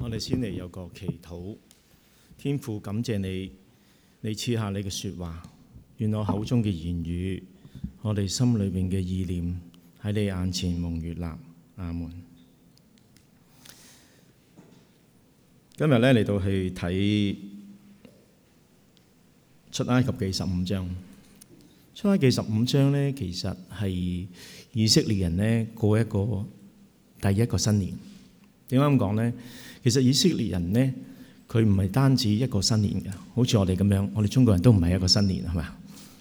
我哋先嚟有個祈禱，天父感謝你，你賜下你嘅說話，願我口中嘅言語，我哋心裏面嘅意念喺你眼前蒙悅納，阿門。今日咧嚟到去睇出埃及記十五章，出埃及記十五章咧，其實係以色列人咧過一個第一個新年。點解咁講咧？其實以色列人咧，佢唔係單止一個新年㗎。好似我哋咁樣，我哋中國人都唔係一個新年係嘛？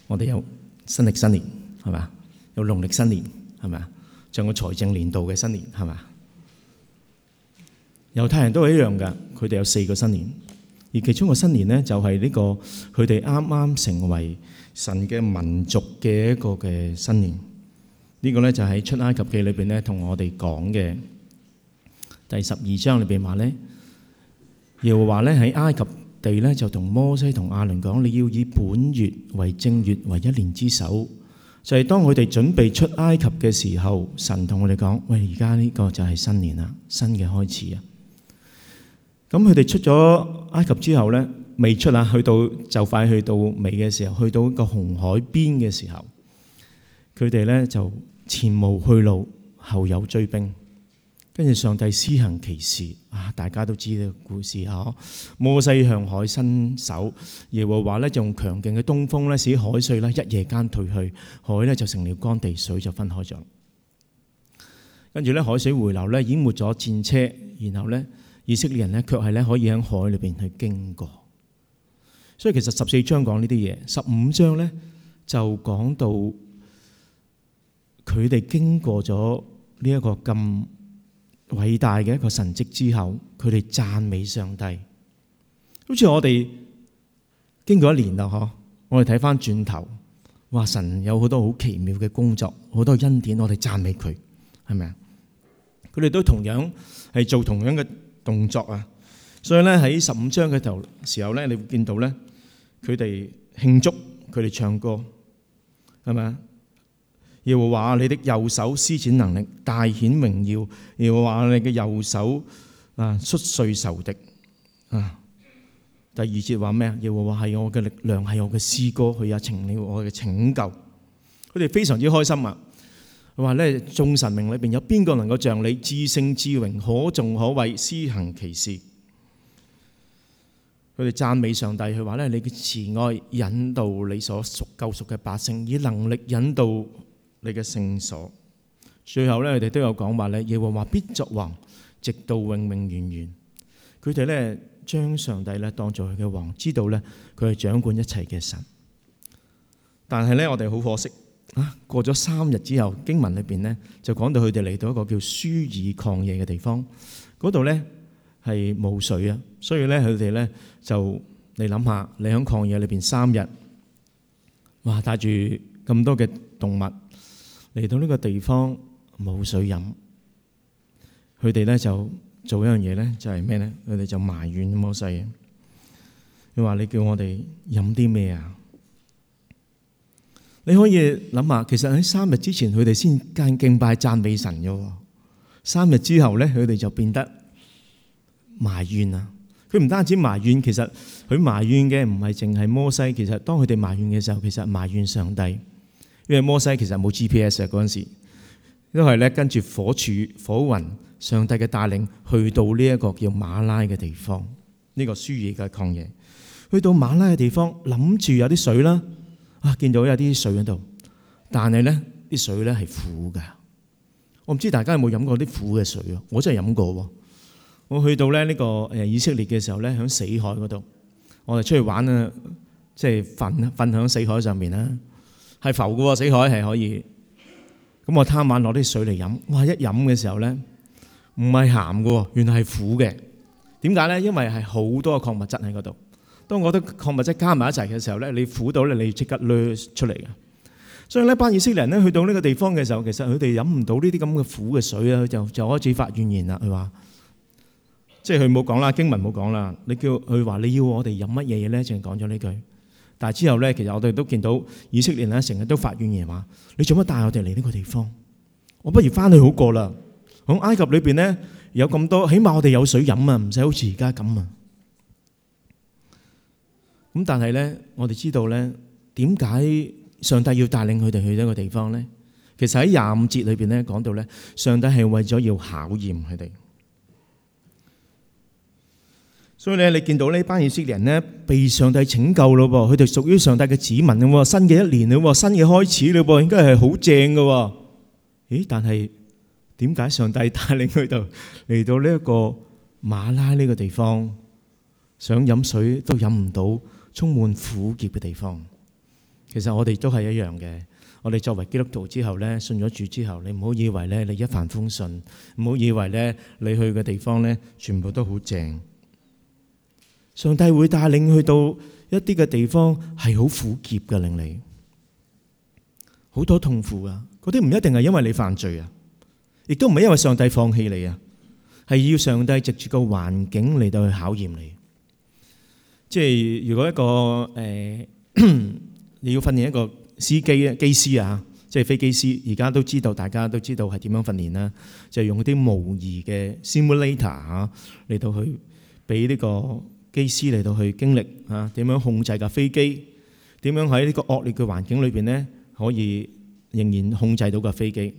我哋有新歷新年係嘛？有農曆新年係嘛？仲有財政年度嘅新年係嘛？猶太人都係一樣㗎，佢哋有四個新年。而其中個新年咧，就係呢個佢哋啱啱成為神嘅民族嘅一個嘅新年。呢個咧就喺出埃及記裏邊咧同我哋講嘅。第十二章裏邊話呢，耶和華咧喺埃及地咧就同摩西同阿倫講：你要以本月為正月，為一年之首。就係當佢哋準備出埃及嘅時候，神同我哋講：喂，而家呢個就係新年啦，新嘅開始啊！咁佢哋出咗埃及之後咧，未出啊，去到就快去到尾嘅時候，去到一個紅海邊嘅時候，佢哋咧就前無去路，後有追兵。跟住上帝施行奇事，啊，大家都知呢個故事嗬。摩西向海伸手，耶和華咧用強勁嘅東風咧，使海水咧一夜間退去，海咧就成了乾地，水就分開咗。跟住咧海水回流咧，淹沒咗戰車，然後咧以色列人咧，卻係咧可以喺海裏邊去經過。所以其實十四章講呢啲嘢，十五章咧就講到佢哋經過咗呢一個咁，偉大嘅一個神迹之後，佢哋讚美上帝，好似我哋經過一年啦，嗬，我哋睇翻轉頭，話神有好多好奇妙嘅工作，好多恩典，我哋讚美佢，係咪啊？佢哋都同樣係做同樣嘅動作啊，所以咧喺十五章嘅頭時候咧，你會見到咧，佢哋慶祝，佢哋唱歌，係咪啊？耶和華你的右手施展能力，大顯榮耀。耶和華你嘅右手啊，摔碎仇敵啊。第二節話咩啊？耶和華係我嘅力量，係我嘅詩歌佢啊，請了我嘅拯救。佢哋非常之開心啊！話咧眾神明裏邊有邊個能夠像你至聖至榮可頌可畏施行其事？佢哋讚美上帝，佢話咧，你嘅慈愛引導你所屬救贖嘅百姓，以能力引導，你嘅聖所，最後咧，佢哋都有講話咧。耶和華必作王，直到永永遠遠。佢哋咧將上帝咧當作佢嘅王，知道咧佢係掌管一切嘅神。但係咧，我哋好可惜啊！過咗三日之後，經文裏邊咧就講到佢哋嚟到一個叫舒爾曠野嘅地方。嗰度咧係冇水啊，所以咧佢哋咧就你諗下，你喺曠野裏邊三日，哇，帶住咁多嘅動物。嚟到呢個地方冇水飲，佢哋咧就做一樣嘢咧，就係咩咧？佢哋就埋怨摩西，佢話你叫我哋飲啲咩啊？你可以諗下，其實喺三日之前，佢哋先敬敬拜讚美神嘅，三日之後咧，佢哋就變得埋怨啦。佢唔單止埋怨，其實佢埋怨嘅唔係淨係摩西，其實當佢哋埋怨嘅時候，其實埋怨上帝。因為摩西其實冇 GPS 啊，嗰陣時，都係咧跟住火柱、火雲、上帝嘅帶領，去到呢一個叫馬拉嘅地方。呢個書珥嘅曠野，去到馬拉嘅地方，諗住有啲水啦，啊見到有啲水喺度，但係咧啲水咧係苦㗎。我唔知大家有冇飲過啲苦嘅水咯？我真係飲過喎。我去到咧呢個誒以色列嘅時候咧，喺死海嗰度，我哋出去玩啊，即係瞓瞓響死海上面啦。係浮嘅喎，死海係可以。咁我貪晚攞啲水嚟飲，哇！一飲嘅時候咧，唔係鹹嘅，原來係苦嘅。點解咧？因為係好多嘅礦物質喺嗰度。當嗰啲礦物質加埋一齊嘅時候咧，你苦到咧，你即刻掠出嚟嘅。所以咧，班以色列人咧去到呢個地方嘅時候，其實佢哋飲唔到呢啲咁嘅苦嘅水啊，就就開始發怨言啦。佢話：即係佢冇講啦，經文冇講啦。你叫佢話你要我哋飲乜嘢嘢咧？淨係講咗呢句。但係之後咧，其實我哋都見到以色列咧，成日都發怨言話：你做乜帶我哋嚟呢個地方？我不如翻去好過啦！喺埃及裏邊咧，有咁多，起碼我哋有水飲啊，唔使好似而家咁啊！咁但係咧，我哋知道咧，點解上帝要帶領佢哋去呢個地方咧？其實喺廿五節裏邊咧講到咧，上帝係為咗要考驗佢哋。所以咧，你見到咧呢班以色列人咧，被上帝拯救咯噃，佢哋屬於上帝嘅子民嘅喎。新嘅一年啦，喎新嘅開始啦，噃應該係好正㗎。咦？但係點解上帝帶領佢哋嚟到呢一個馬拉呢個地方，想飲水都飲唔到，充滿苦澀嘅地方？其實我哋都係一樣嘅。我哋作為基督徒之後咧，信咗主之後，你唔好以為咧你一帆風順，唔好以為咧你去嘅地方咧全部都好正。上帝會帶領去到一啲嘅地方係好苦澀嘅，令你好多痛苦啊！嗰啲唔一定係因為你犯罪啊，亦都唔係因為上帝放棄你啊，係要上帝藉住個環境嚟到去考驗你。即係如果一個誒、呃、你要訓練一個司機啊、機師啊，即係飛機師，而家都知道大家都知道係點樣訓練啦，就係、用啲模擬嘅 simulator 嚇嚟到去俾呢、呢個。機師嚟到去經歷吓點樣控制架飛機，點樣喺呢個惡劣嘅環境裏邊咧，可以仍然控制到架飛機。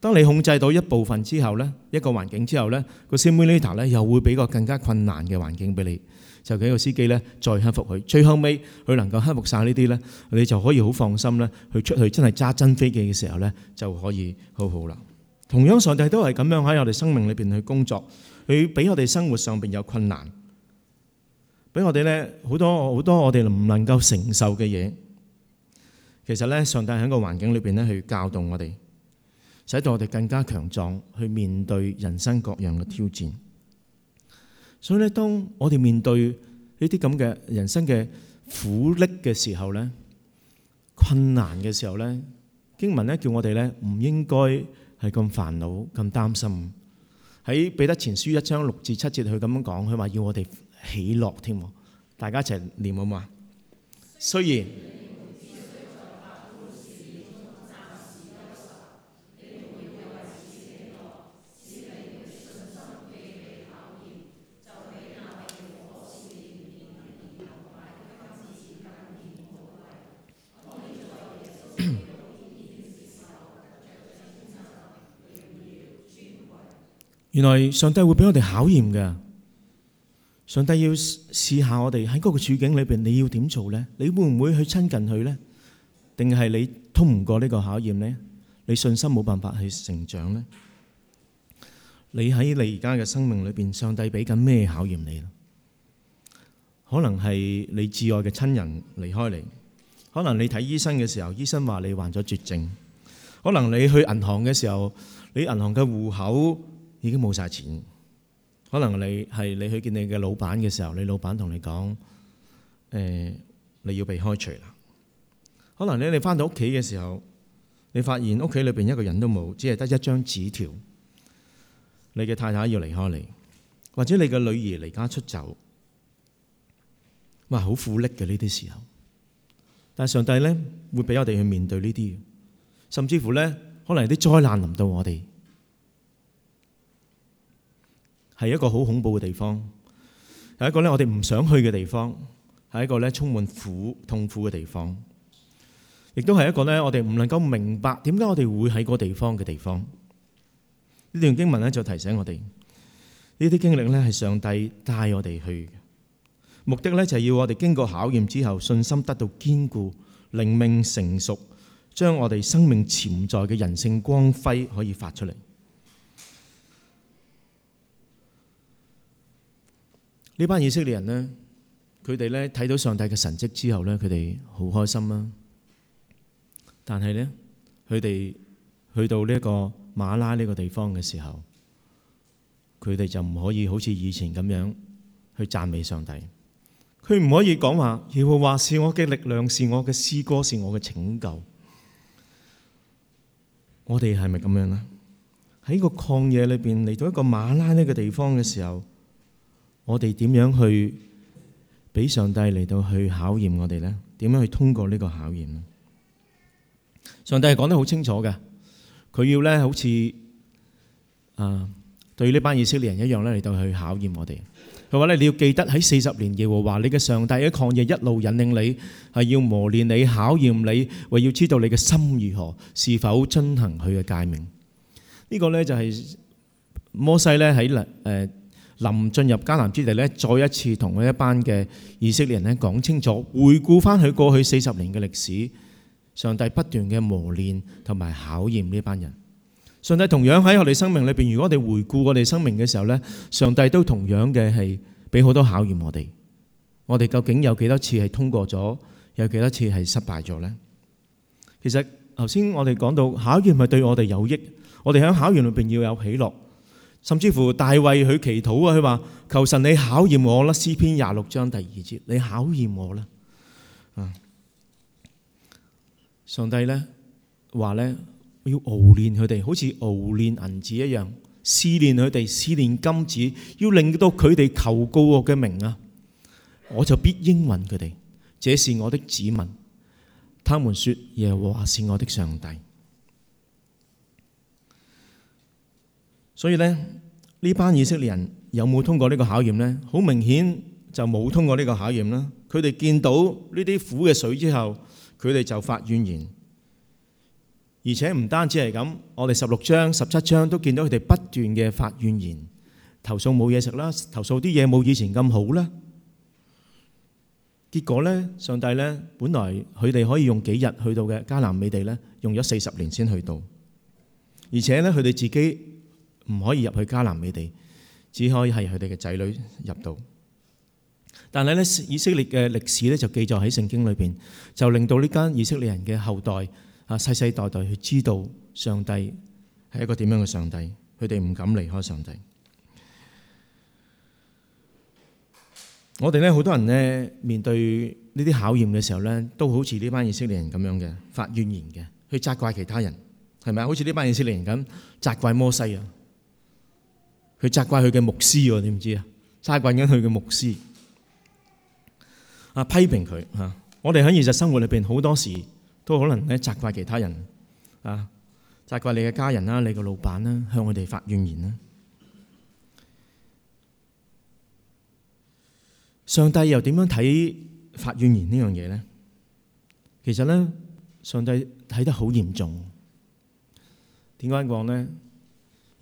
當你控制到一部分之後咧，一個環境之後咧，個 simulator 咧又會俾個更加困難嘅環境俾你，就俾個司機咧再克服佢。最後尾佢能夠克服晒呢啲咧，你就可以好放心啦，去出去真係揸真飛機嘅時候咧，就可以好好啦。同樣上帝都係咁樣喺我哋生命裏邊去工作，佢俾我哋生活上邊有困難。俾我哋咧好多好多我哋唔能夠承受嘅嘢，其實咧上帝喺個環境裏面咧去教導我哋，使到我哋更加強壯去面對人生各樣嘅挑戰。所以咧，當我哋面對呢啲咁嘅人生嘅苦力嘅時候咧，困難嘅時候咧，經文咧叫我哋咧唔應該係咁煩惱、咁擔心。喺彼得前書一章六至七節，佢咁樣講，佢話要我哋喜樂添，大家一齊念好唔好啊？雖然。原來上帝會俾我哋考驗嘅，上帝要試下我哋喺嗰個處境裏面，你要點做呢？你會唔會去親近佢呢？定係你通唔過呢個考驗呢？你信心冇辦法去成長呢？你喺你而家嘅生命裏面，上帝俾緊咩考驗你？可能係你至愛嘅親人離開你，可能你睇醫生嘅時候，醫生話你患咗絕症，可能你去銀行嘅時候，你銀行嘅戶口。已經冇晒錢，可能你係你去見你嘅老闆嘅時候，你老闆同你講：誒、呃，你要被開除啦！可能你你翻到屋企嘅時候，你發現屋企裏邊一個人都冇，只係得一張紙條，你嘅太太要離開你，或者你嘅女兒離家出走，哇，好苦力嘅呢啲時候。但係上帝呢會俾我哋去面對呢啲，甚至乎呢，可能有啲災難臨到我哋。係一個好恐怖嘅地方，係一個咧我哋唔想去嘅地方，係一個咧充滿苦痛苦嘅地方，亦都係一個咧我哋唔能夠明白點解我哋會喺嗰個地方嘅地方。呢段經文咧就提醒我哋，呢啲經歷咧係上帝帶我哋去嘅，目的咧就係要我哋經過考驗之後，信心得到堅固，靈命成熟，將我哋生命潛在嘅人性光輝可以發出嚟。呢班以色列人呢，佢哋咧睇到上帝嘅神蹟之後咧，佢哋好開心啦、啊。但係咧，佢哋去到呢個馬拉呢個地方嘅時候，佢哋就唔可以好似以前咁樣去讚美上帝。佢唔可以講話，耶和華是我嘅力量，是我嘅詩歌，是我嘅拯救。我哋係咪咁樣咧？喺個曠野裏邊嚟到一個馬拉呢個地方嘅時候。我哋點樣去俾上帝嚟到去考驗我哋咧？點樣去通過呢個考驗咧？上帝係講得好清楚嘅，佢要咧好似啊對呢班以色列人一樣咧嚟到去考驗我哋。佢話咧，你要記得喺四十年耶和華你嘅上帝喺曠野一路引領你，係要磨練你考驗你，為要知道你嘅心如何，是否遵行佢嘅誡命。呢個咧就係摩西咧喺誒。臨進入迦南之地咧，再一次同呢一班嘅以色列人咧講清楚，回顧翻佢過去四十年嘅歷史，上帝不斷嘅磨練同埋考驗呢班人。上帝同樣喺我哋生命裏面。如果我哋回顧我哋生命嘅時候咧，上帝都同樣嘅係俾好多考驗我哋。我哋究竟有幾多次係通過咗，有幾多次係失敗咗咧？其實頭先我哋講到考驗係對我哋有益，我哋喺考驗裏面要有喜樂。甚至乎大衛佢祈禱啊，佢話，求神你考驗我啦。詩篇廿六章第二節，你考驗我啦。上帝呢話呢，我要熬煉佢哋，好似熬煉銀子一樣，試煉佢哋，試煉金子，要令到佢哋求告我嘅名啊，我就必應允佢哋。這是我的子民，他們說耶和華是我的上帝。所以呢，呢班以色列人有冇通過呢個考驗呢？好明顯就冇通過呢個考驗啦。佢哋見到呢啲苦嘅水之後，佢哋就發怨言。而且唔單止係咁，我哋十六章、十七章都見到佢哋不斷嘅發怨言，投訴冇嘢食啦，投訴啲嘢冇以前咁好啦。結果呢，上帝呢，本來佢哋可以用幾日去到嘅迦南美地呢，用咗四十年先去到。而且呢，佢哋自己，唔可以入去迦南美地，只可以係佢哋嘅仔女入到。但係咧，以色列嘅歷史咧就記載喺聖經裏邊，就令到呢間以色列人嘅後代啊，世世代代去知道上帝係一個點樣嘅上帝。佢哋唔敢離開上帝。我哋咧好多人咧面對呢啲考驗嘅時候咧，都好似呢班以色列人咁樣嘅發怨言嘅，去責怪其他人，係咪啊？好似呢班以色列人咁責怪摩西啊！佢責怪佢嘅牧師喎，你唔知啊？責怪緊佢嘅牧師啊，批評佢吓。我哋喺現實生活裏邊好多時都可能咧責怪其他人啊，責怪你嘅家人啦、你嘅老闆啦，向我哋發怨言啦。上帝又點樣睇發怨言呢樣嘢咧？其實咧，上帝睇得好嚴重。點解講咧？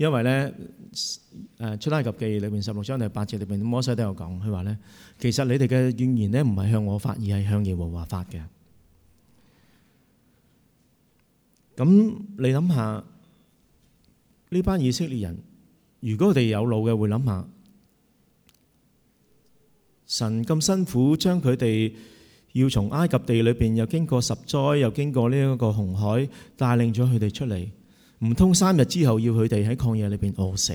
因為呢，誒、出埃及記裏面十六章第八節裏面摩西都有講，佢話呢，其實你哋嘅怨言呢，唔係向我發，而係向耶和華發嘅。咁你諗下，呢班以色列人，如果我哋有腦嘅，會諗下，神咁辛苦將佢哋要從埃及地裏面，又經過十災，又經過呢一個紅海，帶領咗佢哋出嚟。唔通三日之後要佢哋喺曠野裏邊餓死？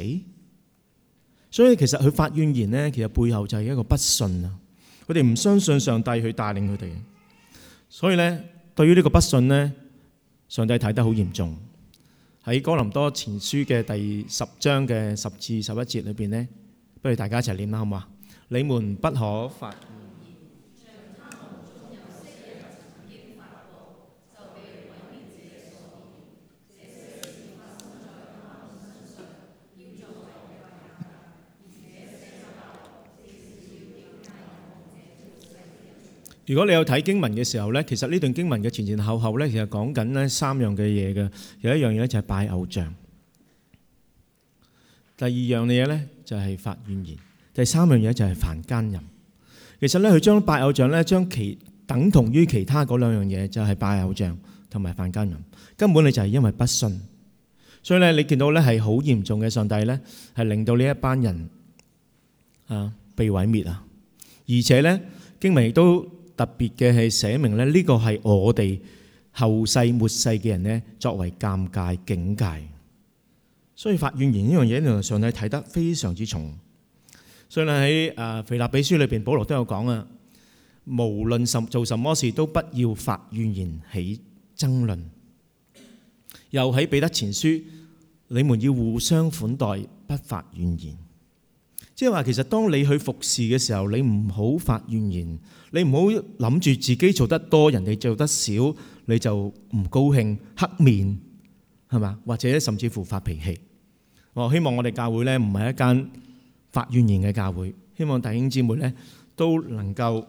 所以其實佢發怨言呢，其實背後就係一個不信啊！佢哋唔相信上帝去帶領佢哋，所以呢，對於呢個不信呢，上帝睇得好嚴重。喺哥林多前書嘅第十章嘅十至十一節裏邊呢，不如大家一齊念啦，好唔好？你們不可發如果你有睇經文嘅時候咧，其實呢段經文嘅前前後後咧，其實講緊呢三樣嘅嘢嘅，有一樣嘢咧就係拜偶像，第二樣嘢咧就係發怨言，第三樣嘢就係犯奸淫。其實咧佢將拜偶像咧，將其等同於其他嗰兩樣嘢，就係拜偶像同埋犯奸淫。根本你就係因為不信，所以咧你見到咧係好嚴重嘅，上帝咧係令到呢一班人啊被毀滅啊，而且咧經文亦都。特別嘅係寫明咧，呢個係我哋後世末世嘅人咧，作為尷尬警戒。所以發怨言呢樣嘢，原來上帝睇得非常之重。所以喺誒腓立比書裏邊，保羅都有講啊，無論什做什麼事，都不要發怨言，起爭論。又喺彼得前書，你們要互相款待，不發怨言。即係話，其實當你去服侍嘅時候，你唔好發怨言，你唔好諗住自己做得多，人哋做得少，你就唔高興、黑面，係嘛？或者甚至乎發脾氣。我、哦、希望我哋教會呢唔係一間發怨言嘅教會。希望弟兄姊妹呢都能夠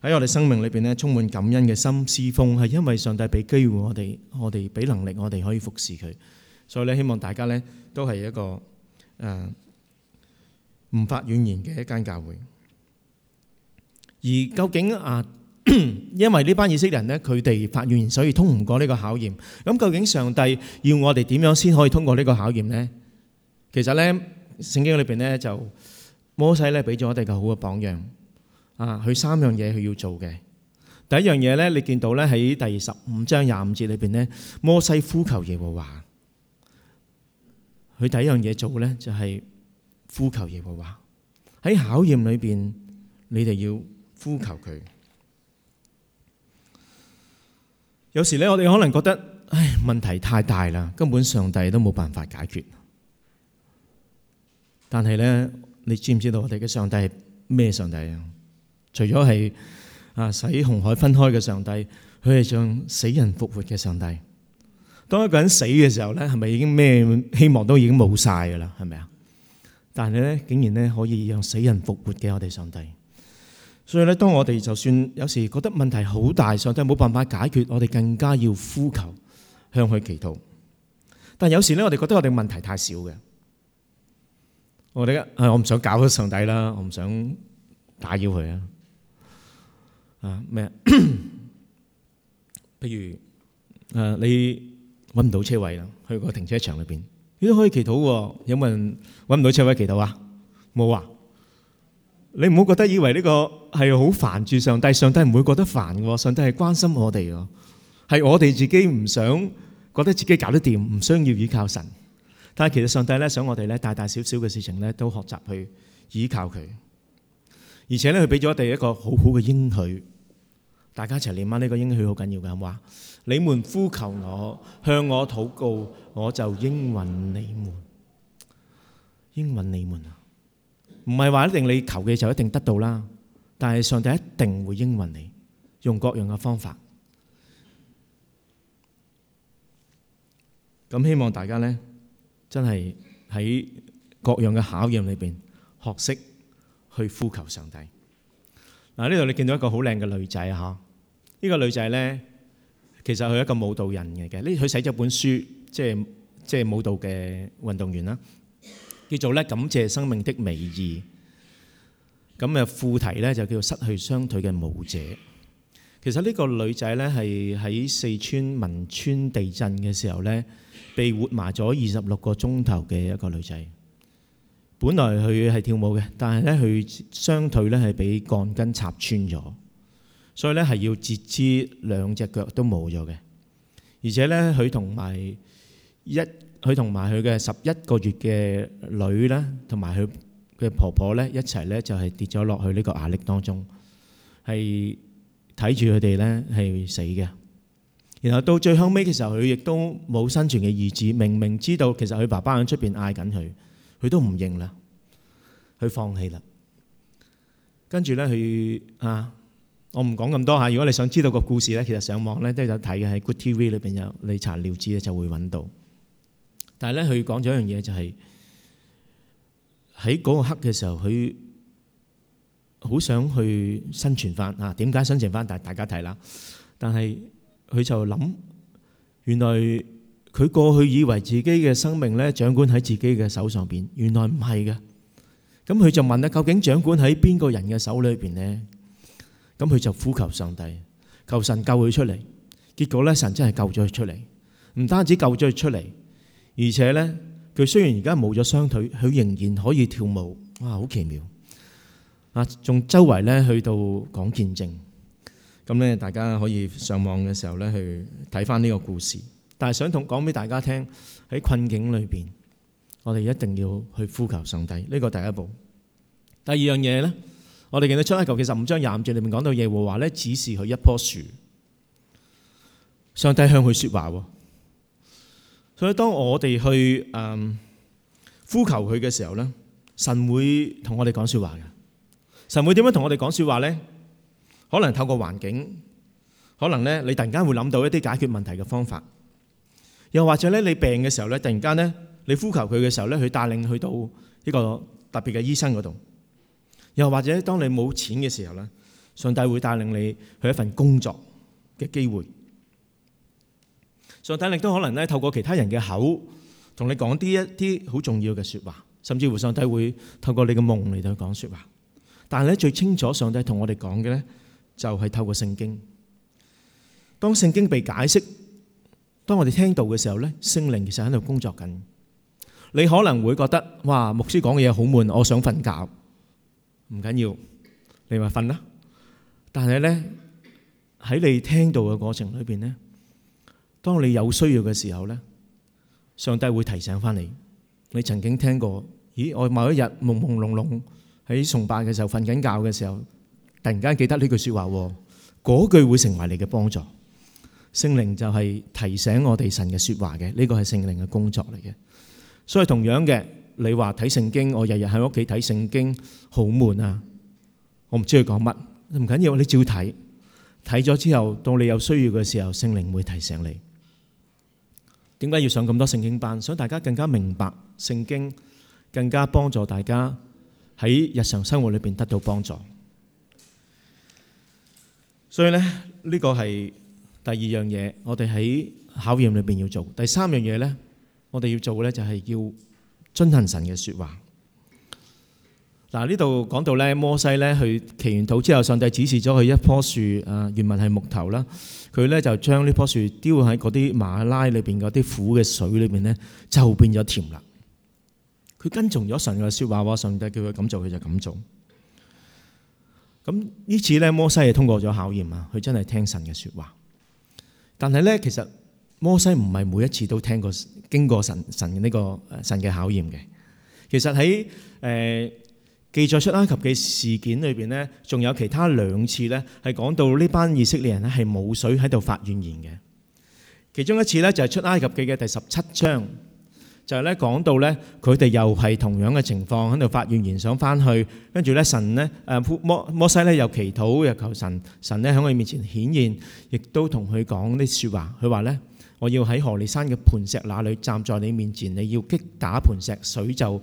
喺我哋生命裏邊呢充滿感恩嘅心，思風事奉係因為上帝俾機會我哋，我哋俾能力，我哋可以服侍佢。所以咧，希望大家呢都係一個誒。呃唔發怨言嘅一間教會，而究竟啊，因為呢班以色列人咧，佢哋發怨言，所以通唔過呢個考驗。咁究竟上帝要我哋點樣先可以通過呢個考驗咧？其實咧，聖經裏邊咧就摩西咧俾咗我哋個好嘅榜樣啊，佢三樣嘢佢要做嘅。第一樣嘢咧，你見到咧喺第十五章廿五節裏邊咧，摩西呼求耶和華。佢第一樣嘢做咧就係。呼求耶和華喺考驗裏邊，你哋要呼求佢。有時咧，我哋可能覺得，唉，問題太大啦，根本上帝都冇辦法解決。但係咧，你知唔知道我哋嘅上帝係咩上帝啊？除咗係啊使紅海分開嘅上帝，佢係將死人復活嘅上帝。當一個人死嘅時候咧，係咪已經咩希望都已經冇晒噶啦？係咪啊？但係咧，竟然咧可以讓死人復活嘅，我哋上帝。所以咧，當我哋就算有時覺得問題好大，上帝冇辦法解決，我哋更加要呼求向佢祈禱。但係有時咧，我哋覺得我哋問題太少嘅，我哋咧，誒，我唔想搞咗上帝啦，我唔想打擾佢啊。啊咩？譬如誒，你搵唔到車位啦，去個停車場裏邊。你都可以祈禱喎，啊，有冇人揾唔到車位祈禱啊？冇啊？你唔好覺得以為呢個係好煩住上帝，上帝唔會覺得煩喎，上帝係關心我哋喎，係我哋自己唔想覺得自己搞得掂，唔需要依靠神。但係其實上帝咧想我哋咧大大小小嘅事情咧都學習去依靠佢，而且咧佢俾咗我哋一個好好嘅應許，大家一齊唸返！呢個應許好緊要㗎，係啊？你們呼求我，向我禱告，我就應允你們。應允你們啊，唔係話一定你求嘅就一定得到啦，但係上帝一定會應允你，用各樣嘅方法。咁希望大家咧，真係喺各樣嘅考驗裏邊學識去呼求上帝。嗱，呢度你見到一個好靚嘅女仔啊，吓，呢個女仔咧。其實佢係一個舞蹈人嚟嘅，呢佢寫咗一本書，即係即係舞蹈嘅運動員啦，叫做咧，感謝生命的美意。咁啊副題咧就叫做失去雙腿嘅舞者。其實呢個女仔咧係喺四川汶川地震嘅時候咧，被活埋咗二十六個鐘頭嘅一個女仔。本來佢係跳舞嘅，但係咧佢雙腿咧係被鋼筋插穿咗。所以咧，係要截肢，兩隻腳都冇咗嘅。而且咧，佢同埋一佢同埋佢嘅十一個月嘅女咧，同埋佢嘅婆婆咧一齊咧，就係跌咗落去呢個壓力當中，係睇住佢哋咧係死嘅。然後到最後尾嘅時候，佢亦都冇生存嘅意志。明明知道其實佢爸爸喺出邊嗌緊佢，佢都唔認啦，佢放棄啦。跟住咧，佢啊～我唔講咁多嚇，如果你想知道個故事咧，其實上網咧都有睇嘅，喺 Good TV 裏邊有，你查料知咧就會揾到。但係咧，佢講咗一樣嘢，就係喺嗰個刻嘅時候，佢好想去生存翻嚇。點解生存翻？但係大家睇啦。但係佢就諗，原來佢過去以為自己嘅生命咧掌管喺自己嘅手上邊，原來唔係嘅。咁佢就問啦：究竟掌管喺邊個人嘅手裏邊咧？咁佢就呼求上帝，求神救佢出嚟。結果咧，神真係救咗佢出嚟。唔單止救咗佢出嚟，而且咧，佢雖然而家冇咗雙腿，佢仍然可以跳舞。哇，好奇妙啊！仲周圍咧去到講見證。咁咧，大家可以上網嘅時候咧去睇翻呢個故事。但係想同講俾大家聽，喺困境裏邊，我哋一定要去呼求上帝，呢個第一步。第二樣嘢咧。我哋見到出埃及記十五章廿五節裏面講到耶和華咧，指示佢一棵樹，上帝向佢說話。所以當我哋去誒、嗯、呼求佢嘅時候咧，神會同我哋講說話嘅。神會點樣同我哋講說話咧？可能透過環境，可能咧你突然間會諗到一啲解決問題嘅方法。又或者咧你病嘅時候咧，突然間咧你呼求佢嘅時候咧，佢帶領去到一個特別嘅醫生嗰度。又或者當你冇錢嘅時候咧，上帝會帶領你去一份工作嘅機會。上帝亦都可能咧透過其他人嘅口同你講啲一啲好重要嘅說話，甚至乎上帝會透過你嘅夢嚟到講說話。但係咧，最清楚上帝同我哋講嘅咧，就係透過聖經。當聖經被解釋，當我哋聽到嘅時候咧，聖靈其實喺度工作緊。你可能會覺得哇，牧師講嘢好悶，我想瞓覺。唔緊要，你咪瞓啦。但係咧，喺你聽到嘅過程裏邊咧，當你有需要嘅時候咧，上帝會提醒翻你你曾經聽過，咦，我某一日朦朦朧朧喺崇拜嘅時候瞓緊覺嘅時候，突然間記得呢句說話，嗰句會成為你嘅幫助。聖靈就係提醒我哋神嘅說話嘅，呢個係聖靈嘅工作嚟嘅。所以同樣嘅。你話睇聖經，我日日喺屋企睇聖經，好悶啊！我唔知佢講乜，唔緊要，你照睇，睇咗之後，到你有需要嘅時候，聖靈會提醒你。點解要上咁多聖經班？想大家更加明白聖經，更加幫助大家喺日常生活裏邊得到幫助。所以咧，呢個係第二樣嘢，我哋喺考驗裏邊要做。第三樣嘢咧，我哋要做嘅咧就係要。遵行神嘅說話，嗱呢度講到咧，摩西咧去祈完禱之後，上帝指示咗佢一棵樹，啊原文係木頭啦，佢咧就將呢棵樹丟喺嗰啲馬拉裏邊嗰啲苦嘅水裏邊咧，就變咗甜啦。佢跟從咗神嘅說話，話上帝叫佢咁做，佢就咁做。咁呢次咧，摩西係通過咗考驗啊，佢真係聽神嘅說話。但係咧，其實摩西唔係每一次都聽過。經過神神呢個神嘅考驗嘅，其實喺誒記載出埃及嘅事件裏邊咧，仲有其他兩次咧，係講到呢班以色列人咧係冇水喺度發怨言嘅。其中一次咧就係出埃及記嘅第十七章，就係咧講到咧佢哋又係同樣嘅情況喺度發怨言，想翻去，跟住咧神咧誒摩摩西咧又祈禱又求神，神咧喺佢面前顯現，亦都同佢講啲說話，佢話咧。我要喺何烈山嘅磐石那裏站在你面前，你要擊打磐石，水就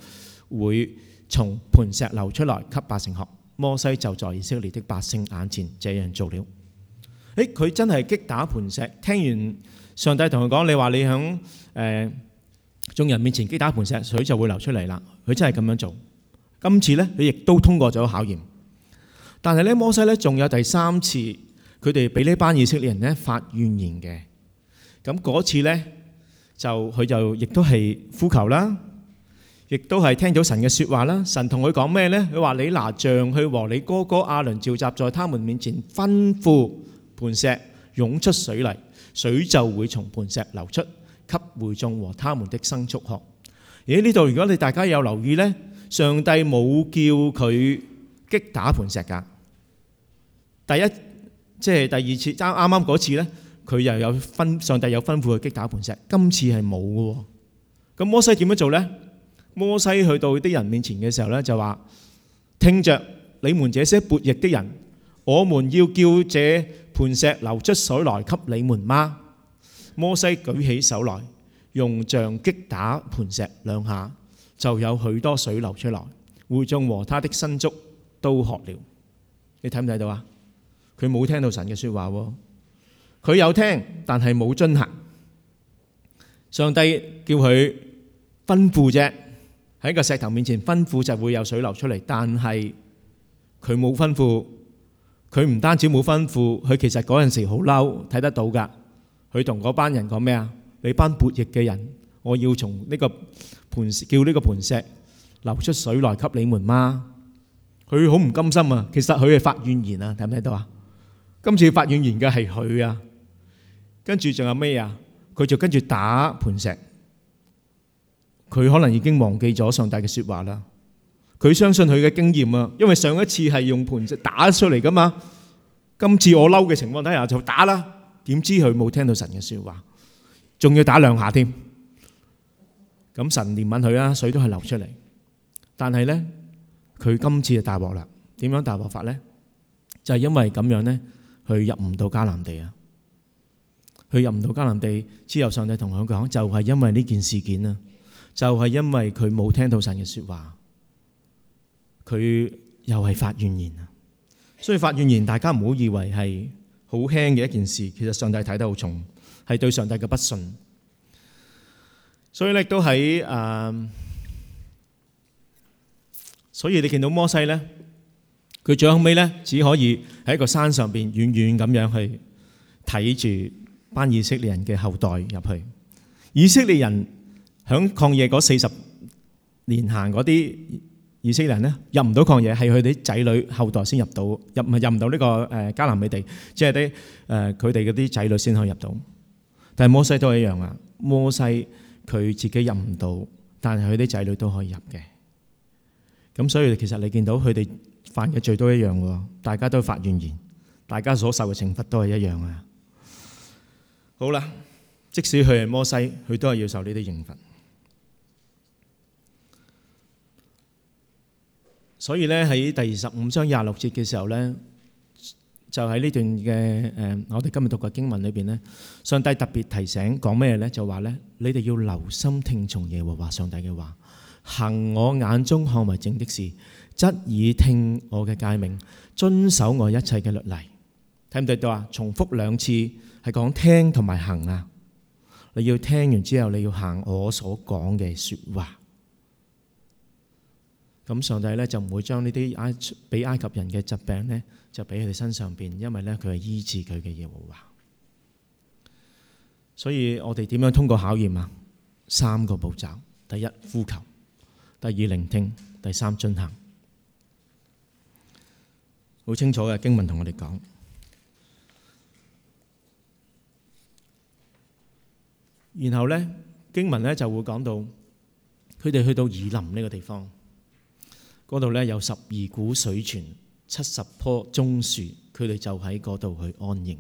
會從磐石流出來，給百姓喝。摩西就在以色列的百姓眼前這樣做了。誒、欸，佢真係擊打磐石。聽完上帝同佢講，你話你喺誒眾人面前擊打磐石，水就會流出嚟啦。佢真係咁樣做。今次呢，佢亦都通過咗考驗。但係呢，摩西呢，仲有第三次，佢哋俾呢班以色列人呢發怨言嘅。咁嗰次呢，就佢就亦都係呼求啦，亦都係聽到神嘅説話啦。神同佢講咩呢？佢話：你拿杖去和你哥哥亞倫召集在他們面前，吩咐磐石湧出水嚟，水就會從磐石流出，給會眾和他們的牲畜喝。咦？呢度如果你大家有留意呢，上帝冇叫佢擊打磐石噶，第一，即係第二次，啱啱嗰次呢。佢又有分，上帝有吩咐佢擊打磐石，今次係冇嘅。咁摩西點樣做咧？摩西去到啲人面前嘅時候咧，就話：聽著，你們這些悖逆的人，我們要叫這磐石流出水來給你們嗎？摩西舉起手來，用杖擊打磐石兩下，就有許多水流出來，會眾和他的牲畜都喝了。你睇唔睇到啊？佢冇聽到神嘅説話喎。佢有聽，但係冇遵行。上帝叫佢吩咐啫，喺個石頭面前吩咐就會有水流出嚟。但係佢冇吩咐，佢唔單止冇吩咐，佢其實嗰陣時好嬲，睇得到㗎。佢同嗰班人講咩啊？你班悖逆嘅人，我要從呢個盤叫呢個磐石流出水來給你們嗎？佢好唔甘心啊！其實佢係發怨言啊，睇唔睇到啊？今次發怨言嘅係佢啊！跟住仲有咩啊？佢就跟住打磐石，佢可能已經忘記咗上帝嘅説話啦。佢相信佢嘅經驗啊，因為上一次係用磐石打出嚟噶嘛。今次我嬲嘅情況底下就打啦，點知佢冇聽到神嘅説話，仲要打兩下添。咁神憐憫佢啊，水都係流出嚟。但係咧，佢今次就大鑊啦。點樣大鑊法咧？就係因為咁樣咧，佢入唔到迦南地啊。佢入唔到迦南地，之後上帝同佢講，就係因為呢件事件啦，就係因為佢冇聽到神嘅説話，佢又係發怨言啊！所以發怨言，大家唔好以為係好輕嘅一件事，其實上帝睇得好重，係對上帝嘅不信。所以咧，都喺啊，所以你見到摩西咧，佢最後尾咧，只可以喺一個山上邊遠遠咁樣去睇住。班以色列人嘅後代入去，以色列人響曠野嗰四十年行嗰啲以色列人咧入唔到曠野，係佢哋仔女後代先入到，入唔入唔到呢個誒迦南美地，即係啲誒佢哋嗰啲仔女先可以入到。但係摩西都係一樣啊，摩西佢自己入唔到，但係佢啲仔女都可以入嘅。咁所以其實你見到佢哋犯嘅罪都一樣喎，大家都發怨言，大家所受嘅懲罰都係一樣啊。好啦，即使佢係摩西，佢都係要受呢啲刑罰。所以咧喺第十五章廿六節嘅時候咧，就喺呢段嘅誒，我哋今日讀嘅經文裏邊咧，上帝特別提醒講咩咧？就話咧，你哋要留心聽從耶和華上帝嘅話，行我眼中看為正的事，側耳聽我嘅誡命，遵守我一切嘅律例。睇唔睇到啊？重複兩次係講聽同埋行啊！你要聽完之後，你要行我所講嘅說話。咁上帝咧就唔會將呢啲埃俾埃及人嘅疾病咧，就俾佢哋身上邊，因為咧佢係醫治佢嘅耶和華。所以我哋點樣通過考驗啊？三個步驟：第一，呼求；第二，聆聽；第三，遵行。好清楚嘅經文同我哋講。然後呢，經文呢就會講到，佢哋去到以林呢個地方，嗰度呢有十二股水泉，七十棵棕樹，佢哋就喺嗰度去安營。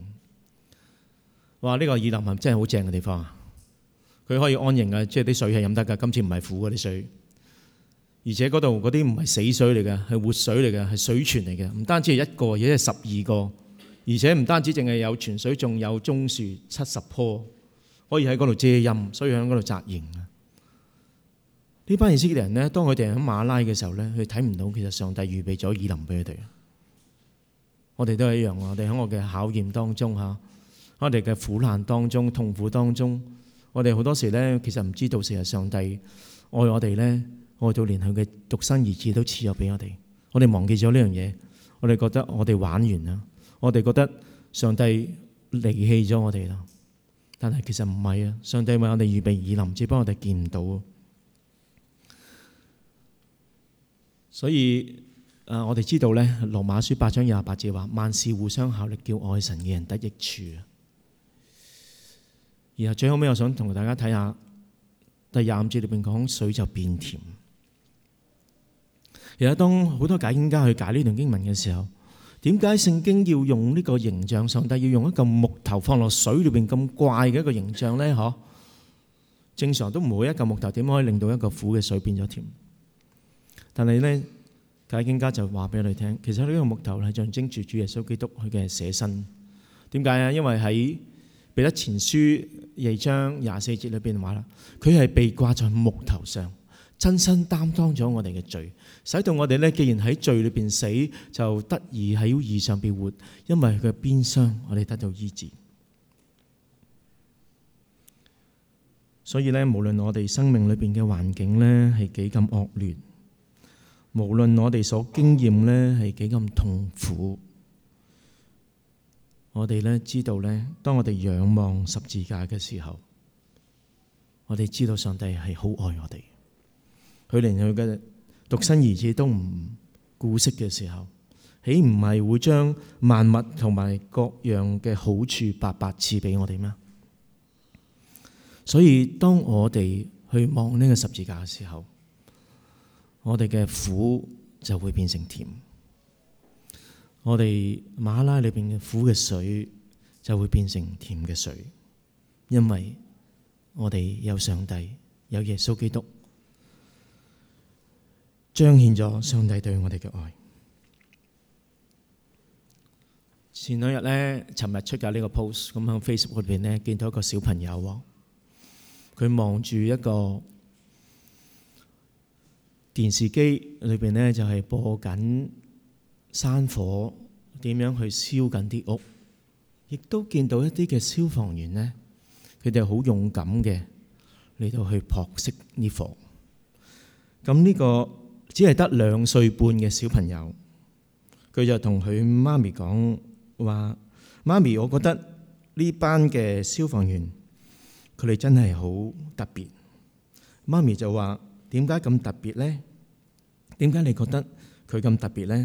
哇！呢個以林係真係好正嘅地方啊！佢可以安營啊，即係啲水係飲得㗎，今次唔係苦嗰啲水，而且嗰度嗰啲唔係死水嚟㗎，係活水嚟㗎，係水泉嚟嘅。唔單止係一個，而係十二個，而且唔單止淨係有泉水，仲有棕樹七十棵。可以喺嗰度遮蔭，所以響嗰度紮營啊！呢班以色列嘅人咧，當佢哋喺馬拉嘅時候咧，佢睇唔到其實上帝預備咗以琳俾佢哋。我哋都係一樣，我哋喺我嘅考驗當中吓，我哋嘅苦難當中、痛苦當中，我哋好多時咧，其實唔知道，成日上帝愛我哋咧，愛到連佢嘅獨生兒子都賜咗俾我哋。我哋忘記咗呢樣嘢，我哋覺得我哋玩完啦，我哋覺得上帝離棄咗我哋啦。但是其實唔係啊，上帝為我哋預備以琳，只不過我哋見唔到。所以我哋知道咧，《羅馬書》八章廿八節話：萬事互相效力，叫愛神嘅人得益處。然後最後屘，我想同大家睇下，第廿五節裏邊講水就變甜。其實當好多解經家去解呢段經文嘅時候，點解聖經要用呢個形象？上帝要用一嚿木頭放落水裏邊咁怪嘅一個形象咧？嗬，正常都唔會一嚿木頭，點可以令到一個苦嘅水變咗甜？但係咧，解經家就話俾你聽，其實呢個木頭係象徵住主耶穌基督佢嘅捨身。點解啊？因為喺彼得前書二章廿四節裏邊話啦，佢係被掛在木頭上。真心擔當咗我哋嘅罪，使到我哋呢，既然喺罪裏邊死，就得以喺義上邊活，因為佢嘅鞭傷，我哋得到醫治。所以呢，無論我哋生命裏邊嘅環境呢係幾咁惡劣，無論我哋所經驗呢係幾咁痛苦，我哋呢知道呢，當我哋仰望十字架嘅時候，我哋知道上帝係好愛我哋。佢連佢嘅獨生兒子都唔顧惜嘅時候，豈唔係會將萬物同埋各樣嘅好處白白賜畀我哋咩？所以當我哋去望呢個十字架嘅時候，我哋嘅苦就會變成甜，我哋馬拉裏邊嘅苦嘅水就會變成甜嘅水，因為我哋有上帝，有耶穌基督。彰顯咗上帝對我哋嘅愛，前一天。前兩日咧，尋日出架呢個 post，咁喺 Facebook 裏邊咧，見到一個小朋友，佢望住一個電視機裏邊咧，就係、是、播緊山火，點樣去燒緊啲屋，亦都見到一啲嘅消防員咧，佢哋好勇敢嘅嚟到去撲熄呢火。咁呢、這個。只係得兩歲半嘅小朋友，佢就同佢媽咪講話：媽咪，我覺得呢班嘅消防員，佢哋真係好特別。媽咪就話：點解咁特別咧？點解你覺得佢咁特別咧？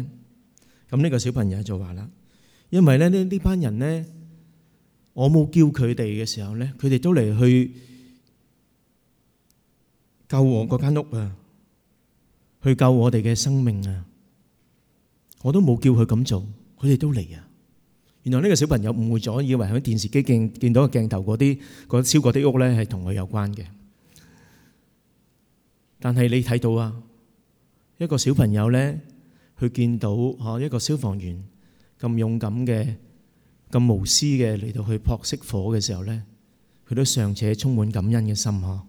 咁、這、呢個小朋友就話啦：因為咧呢呢班人咧，我冇叫佢哋嘅時候咧，佢哋都嚟去救我嗰間屋啊！去救我哋嘅生命啊！我都冇叫佢咁做，佢哋都嚟啊！原來呢個小朋友誤會咗，以為喺電視機鏡見到鏡頭嗰啲嗰燒過啲屋咧，係同佢有關嘅。但係你睇到啊，一個小朋友咧，佢見到嚇一個消防員咁勇敢嘅、咁無私嘅嚟到去撲熄火嘅時候咧，佢都尚且充滿感恩嘅心呵。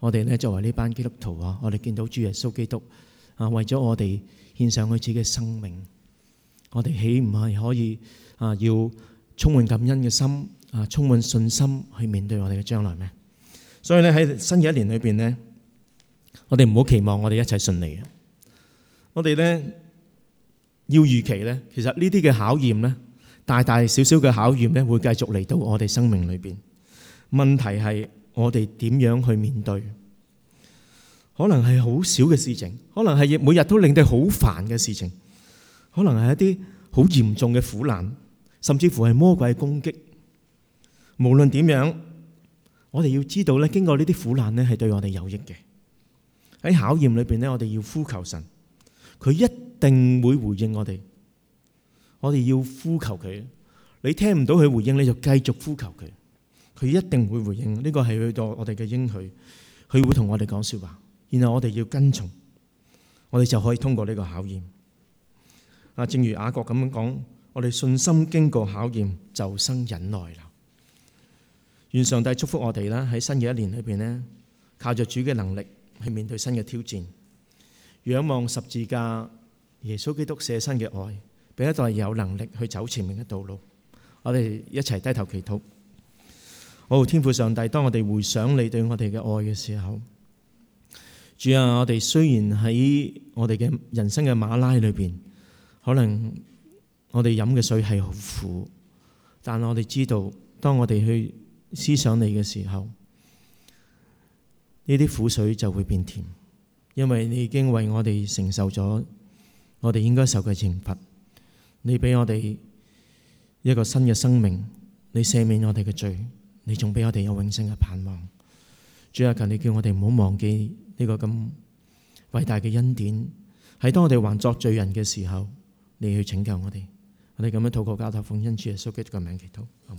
我哋咧，作為呢班基督徒啊，我哋見到主耶穌基督啊，為咗我哋獻上佢自己嘅生命，我哋豈唔係可以啊，要充滿感恩嘅心啊，充滿信心去面對我哋嘅將來咩？所以咧，喺新嘅一年裏邊咧，我哋唔好期望我哋一切順利嘅，我哋咧要預期咧，其實呢啲嘅考驗咧，大大小小嘅考驗咧，會繼續嚟到我哋生命裏邊。問題係。我哋點樣去面對？可能係好少嘅事情，可能係每日都令你好煩嘅事情，可能係一啲好嚴重嘅苦難，甚至乎係魔鬼攻擊。無論點樣，我哋要知道咧，經過呢啲苦難咧，係對我哋有益嘅。喺考驗裏邊咧，我哋要呼求神，佢一定會回應我哋。我哋要呼求佢，你聽唔到佢回應，你就繼續呼求佢。佢一定會回應，呢個係佢對我哋嘅應許。佢會同我哋講説話，然後我哋要跟從，我哋就可以通過呢個考驗。啊，正如雅各咁樣講，我哋信心經過考驗，就生忍耐啦。願上帝祝福我哋啦！喺新嘅一年裏邊咧，靠著主嘅能力去面對新嘅挑戰，仰望十字架耶穌基督捨身嘅愛，俾一代有能力去走前面嘅道路。我哋一齊低頭祈禱。我天父上帝，當我哋回想你對我哋嘅愛嘅時候，主啊，我哋雖然喺我哋嘅人生嘅馬拉裏邊，可能我哋飲嘅水係好苦，但我哋知道，當我哋去思想你嘅時候，呢啲苦水就會變甜，因為你已經為我哋承受咗我哋應該受嘅懲罰，你畀我哋一個新嘅生命，你赦免我哋嘅罪。你仲俾我哋有永生嘅盼望，主啊，求你叫我哋唔好忘記呢個咁偉大嘅恩典，喺當我哋還作罪人嘅時候，你要去拯救我哋，我哋咁樣禱告交託奉恩主耶穌嘅名字祈禱。好